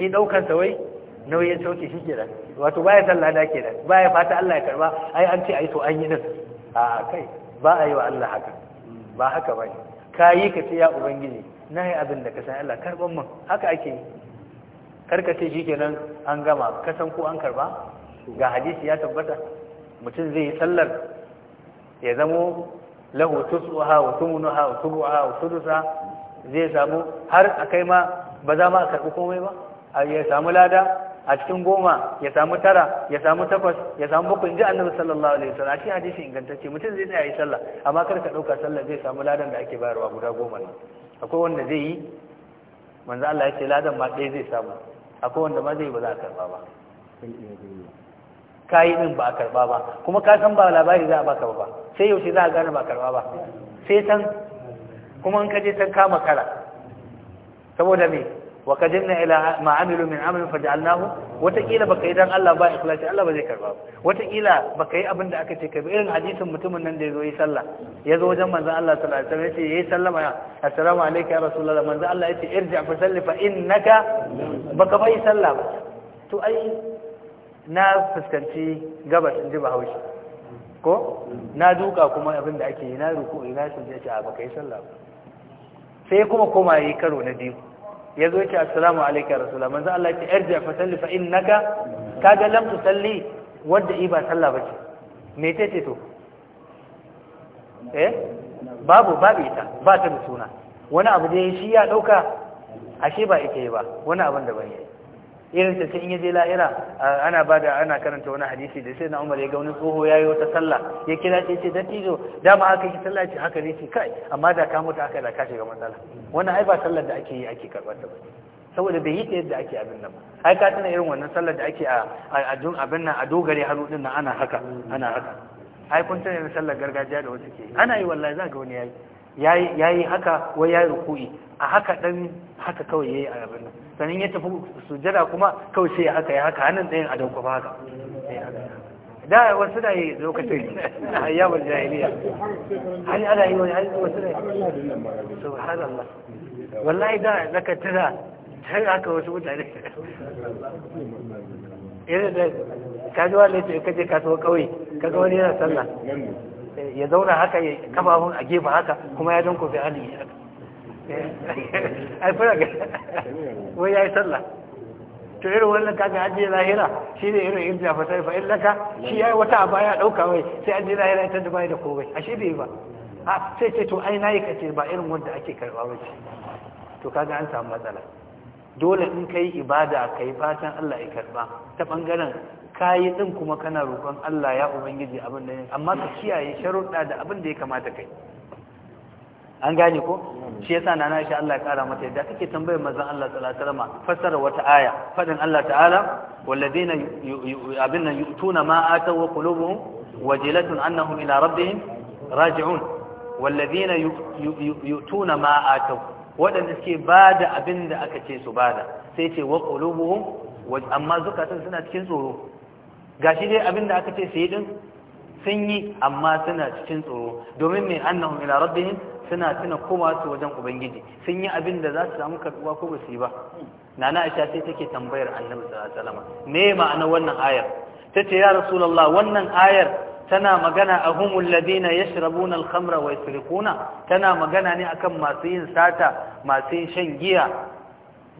shi daukar sa wai nauyi ya sauke shi kenan wato baya sallah da kenan baya fata Allah ya karba ai an ce ai to an yi din a kai ba a yi wa Allah haka ba haka ba ka yi ka ce ya ubangiji na yi abin da ka san Allah karɓar mun haka ake yi karka ce shi kenan an gama kasan ko an karba. ga hadisi ya tabbata mutum zai yi sallar ya zamo lahu tusuha wa tumunuha wa tubuha wa sudusa zai samu har a kai ma ba za ma a karɓi komai ba a ya samu lada a cikin goma ya samu tara ya samu takwas ya samu bakwai ji annabi sallallahu alaihi wasallam a cikin hadisi ingantacce mutum zai tsaya yi sallah amma kar ka dauka sallah zai samu ladan da ake bayarwa guda goma ne akwai wanda zai yi manzo Allah ya ce ladan ma ɗaya zai samu akwai wanda ma zai ba za a karba ba kayi din ba a karba ba kuma ka san ba labari za a baka ba sai yaushe za a gane ba karba ba sai san kuma in ka je san kama kara saboda me wa qadimna ila ma amilu min amalin faj'alnahu wataƙila baka yi dan Allah ba ikhlasi Allah ba zai karba ba wataƙila baka yi abin da aka ce ka bi irin hadisin mutumin nan da ya yazo yi sallah ya zo wajen manzon Allah sallallahu alaihi wasallam yace yayi sallama assalamu alayka ya rasulullah manzon Allah ya yace irji fa salli fa innaka baka bai sallah ba to ai na fuskanci gabas in ji bahaushe ko na duka kuma abin da ake yi na ruku ina sun ce a baka yi sallah ba sai kuma koma yi karo na biyu ya zo ce assalamu alaikum ya rasulullah manzo Allah ya ce irji fa salli fa innaka kaga lam tusalli wadda i ba sallah bace me tace to eh babu babu ita ba ta da suna wani abu da shi ya dauka ashe ba ita ba wani abin da ban yi irin ta sai in yaje lahira ana bada ana karanta wani hadisi da sai na Umar ya ga wani tsoho ya yi wata sallah ya kira shi ce dattijo dama aka yi sallah ce haka ne ce kai amma da ka mutu aka da ka shiga matsala wannan ai ba sallar da ake yi ake karɓar ta ba saboda bai yi ta yadda ake abin nan ba ai ka tana irin wannan sallar da ake a abin nan a dogare hannu din nan ana haka ana haka ai kun tana irin sallar gargajiya da wasu ke ana yi wallahi za ga wani yayi ya yi haka wai yayi ruku'i a haka ɗan haka kawai ya yi a gaban sanin ya tafi sujada kuma kawai sai haka ya haka hannun ɗayan adon kuma ba haka da wasu da yi lokacin ayyamar jahiliya har ala yi wani har wasu da yi subhanallah wallahi da zaka tira har haka wasu mutane irin da kaji wani ce kaje kasuwa kauye kaga wani yana sallah ya zauna haka ya kafafun a gefe haka kuma ya don kofi hannu haka ai fara ga wai ya yi sallah to irin wannan kaga ajiye lahira shi ne irin irja fa sai fa laka shi ya yi wata a baya ɗauka wai sai ajiye lahira ya da bai da komai shi bai ba a sai ce to ai yi kace ba irin wanda ake karɓa ba ce to kaga an samu matsala dole in kai ibada kai fatan Allah ya karba ta ɓangaren. kayi din kuma kana roƙon Allah ya ubangiji abin da amma ka kiyaye sharuɗa da abin da ya kamata kai an gane ko shi yasa na na Allah ya kara mata yadda take tambayar manzon Allah sallallahu alaihi wasallam fassara wata aya fadin Allah ta'ala walladheena abinna yu'tuna ma ataw wa qulubuhum wajilatun annahum ila rabbihim raji'un walladheena yu'tuna ma ataw wadanda suke bada da aka ce su bada sai ce wa qulubuhum amma zukatan suna cikin tsoro Ga shi dai abin da aka ce sai din sun yi amma suna cikin tsoro domin mai annahun ila rabbihim suna tuna koma su wajen ubangiji sun yi abin da za su samu karbuwa ko ba su yi ba nana aisha sai take tambayar annabi sallallahu alaihi wasallam me ma'anar wannan ayar tace ya rasulullah wannan ayar tana magana a humul ladina yashrabuna al-khamra wa yasriquna tana magana ne akan masu yin sata masu yin shan giya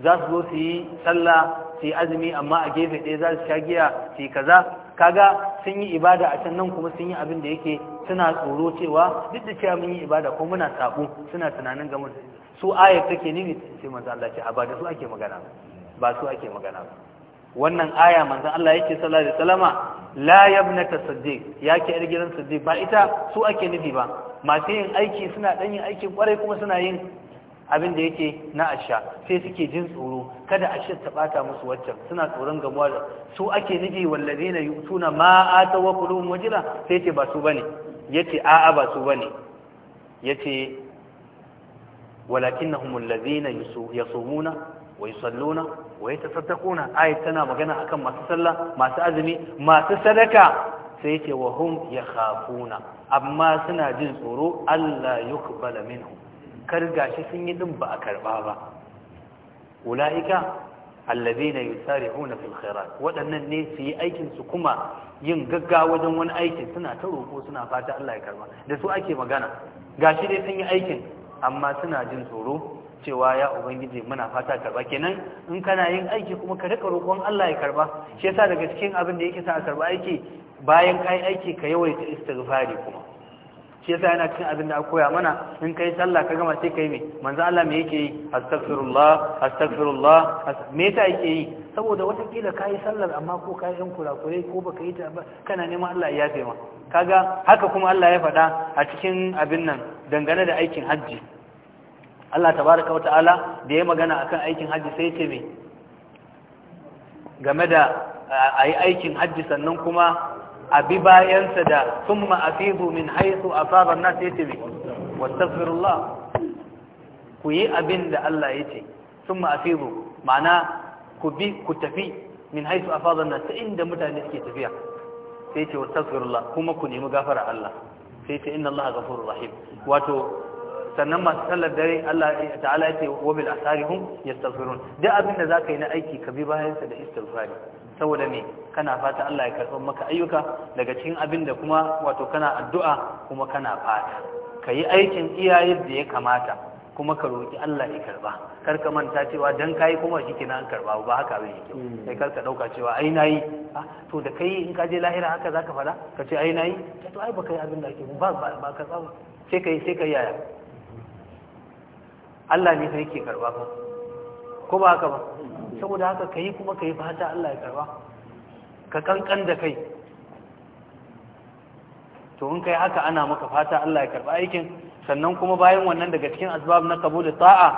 za su zo su yi sallah su yi azumi amma a gefe ɗaya za su sha giya su yi kaza kaga sun yi ibada a can nan kuma sun yi abin da yake suna tsoro cewa duk da cewa mun yi ibada ko muna sabo suna tunanin ga da su ayar take ne sai manzo Allah ce a ba da su ake magana ba su ake magana ba wannan aya manzo Allah yake sallallahu alaihi wasallama la yabnata siddiq ke yar gidan siddiq ba ita su ake nufi ba masu yin aiki suna dan yin aikin kwarai kuma suna yin abin da yake na asha sai suke jin tsoro kada asha ta bata musu waccan suna tsoron gamuwa da su ake nufi wallazina yutuna ma atawa qulubum wajila sai ce ba su bane yace a'a ba su bane yace walakinnahum allazina yasumuna wa yusalluna wa yatasaddaquna ayat tana magana akan masu sallah masu azumi masu sadaka sai yace wa hum yakhafuna amma suna jin tsoro Allah yukbala minhum karga shi sun yi din ba a karba ba ula'ika allazina yusari'una fil khairat waɗannan ne su yi aikin su kuma yin gaggawa wajen wani aikin suna ta roƙo suna fata Allah ya karba da su ake magana gashi dai sun yi aikin amma suna jin tsoro cewa ya ubangiji muna fata karba kenan in kana yin aiki kuma ka rika roƙon Allah ya karba shi yasa daga cikin abin da yake sa a karba aiki bayan kai aiki ka yawaita istighfari kuma shi yasa yana cikin abin da aka koya mana in kai sallah ka gama sai kai me manzo Allah me yake yi astaghfirullah astaghfirullah me ta yake yi saboda wata kila kai sallar amma ko kai yan kurakurai ko baka yi ta ba kana neman Allah ya yafe ma kaga haka kuma Allah ya faɗa a cikin abin nan dangane da aikin hajji Allah tabaraka wa ta'ala da ya magana akan aikin hajji sai ce me game da ayi aikin hajji sannan kuma abi bayansa da thumma afidu min haythu afada an-nas yatbi wastaghfirullah ku yi abinda Allah yace thumma afidu ma'ana ku bi ku tafi min haythu afada an-nas inda mutane suke tafiya sai ce wastaghfirullah kuma ku nemi gafara Allah sai ce inna Allah ghafurur rahim wato sannan masu sallar dare Allah ta'ala yace wa bil asarihum yastaghfirun da abinda da zaka yi na aiki ka bi bayansa da istighfari saboda me kana fata Allah ya karɓar maka ayyuka daga cikin abin da kuma wato kana addu'a kuma kana fata ka yi aikin iya yadda ya kamata kuma ka roƙi Allah ya karɓa kar ka manta cewa dan kayi kuma shi kina an karɓa ba haka abin yake hmm. sai kar ka ɗauka cewa ai nayi ah, to da kai in ka je lahira haka zaka faɗa ka ce ai nayi to ai baka yi abin da ake ba ba ba." ka tsawo sai kai sai kai yaya Allah ne sai yake karɓa ko ba haka ba saboda haka ka yi kuma ka yi fata Allah ya karba ka kankan da kai to in kai haka ana maka fata Allah ya karba aikin sannan kuma bayan wannan daga cikin asbab na kabul ta'a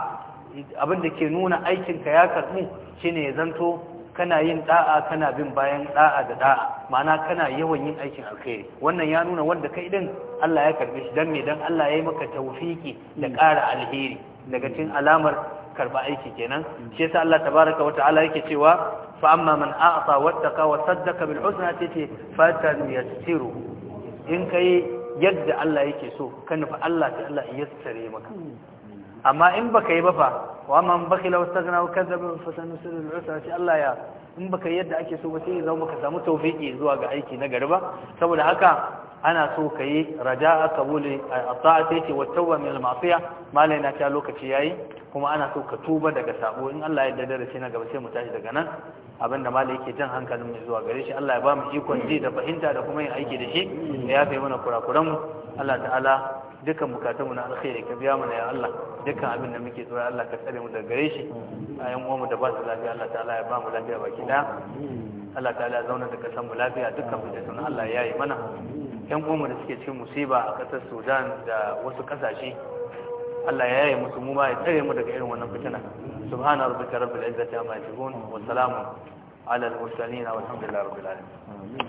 abin da ke nuna aikin ka ya karbu shine ya zanto kana yin da'a kana bin bayan da'a da da'a ma'ana kana yawan yin aikin alkhairi wannan ya nuna wanda kai din Allah ya karbe shi dan me dan Allah ya yi maka tawfiki da ƙara alheri daga cikin alamar karba aiki kenan shi yasa Allah tabaraka wa ta'ala yake cewa fa amma man a'ta wattaqa wa saddaqa bil husna tati fatan yassiru in kai yadda Allah yake so kan fa Allah ta Allah yassare maka amma in baka yi ba fa wa man bakhila wastaghna wa kadzaba fa sanusiru al usra shi Allah ya in baka yadda ake so ba sai ya zama ka samu tawfiki zuwa ga aiki na gari ba saboda haka ana so ka yi raja'a kabuli a ta'a ce wattawa min al-ma'siya malai na ta lokaci yayi kuma ana so ka tuba daga sabo in Allah ya yarda da shi na gaba sai mu tashi daga nan abinda malai yake jan hankalin mu zuwa gare shi Allah ya ba mu ikon ji da fahimta da kuma yin aiki da shi da ya kai mana kurakuran mu Allah ta'ala dukkan mu na alkhairi ka biya mana ya Allah dukkan abin da muke tsoro Allah ka tsare mu daga gare shi a yan mu da ba su lafiya Allah ta'ala ya ba mu lafiya baki daya Allah ta'ala ya zauna da kasan mu lafiya dukkan sunan Allah ya yi mana yan goma da suke cikin musiba a ƙasar sudan da wasu ƙasashe Allah ya yi musu mu ba ya tsare mu daga irin wannan fitina subhana rabbika rabbil izzati amma yasifun wa salamun ala al mursalin walhamdulillahi rabbil alamin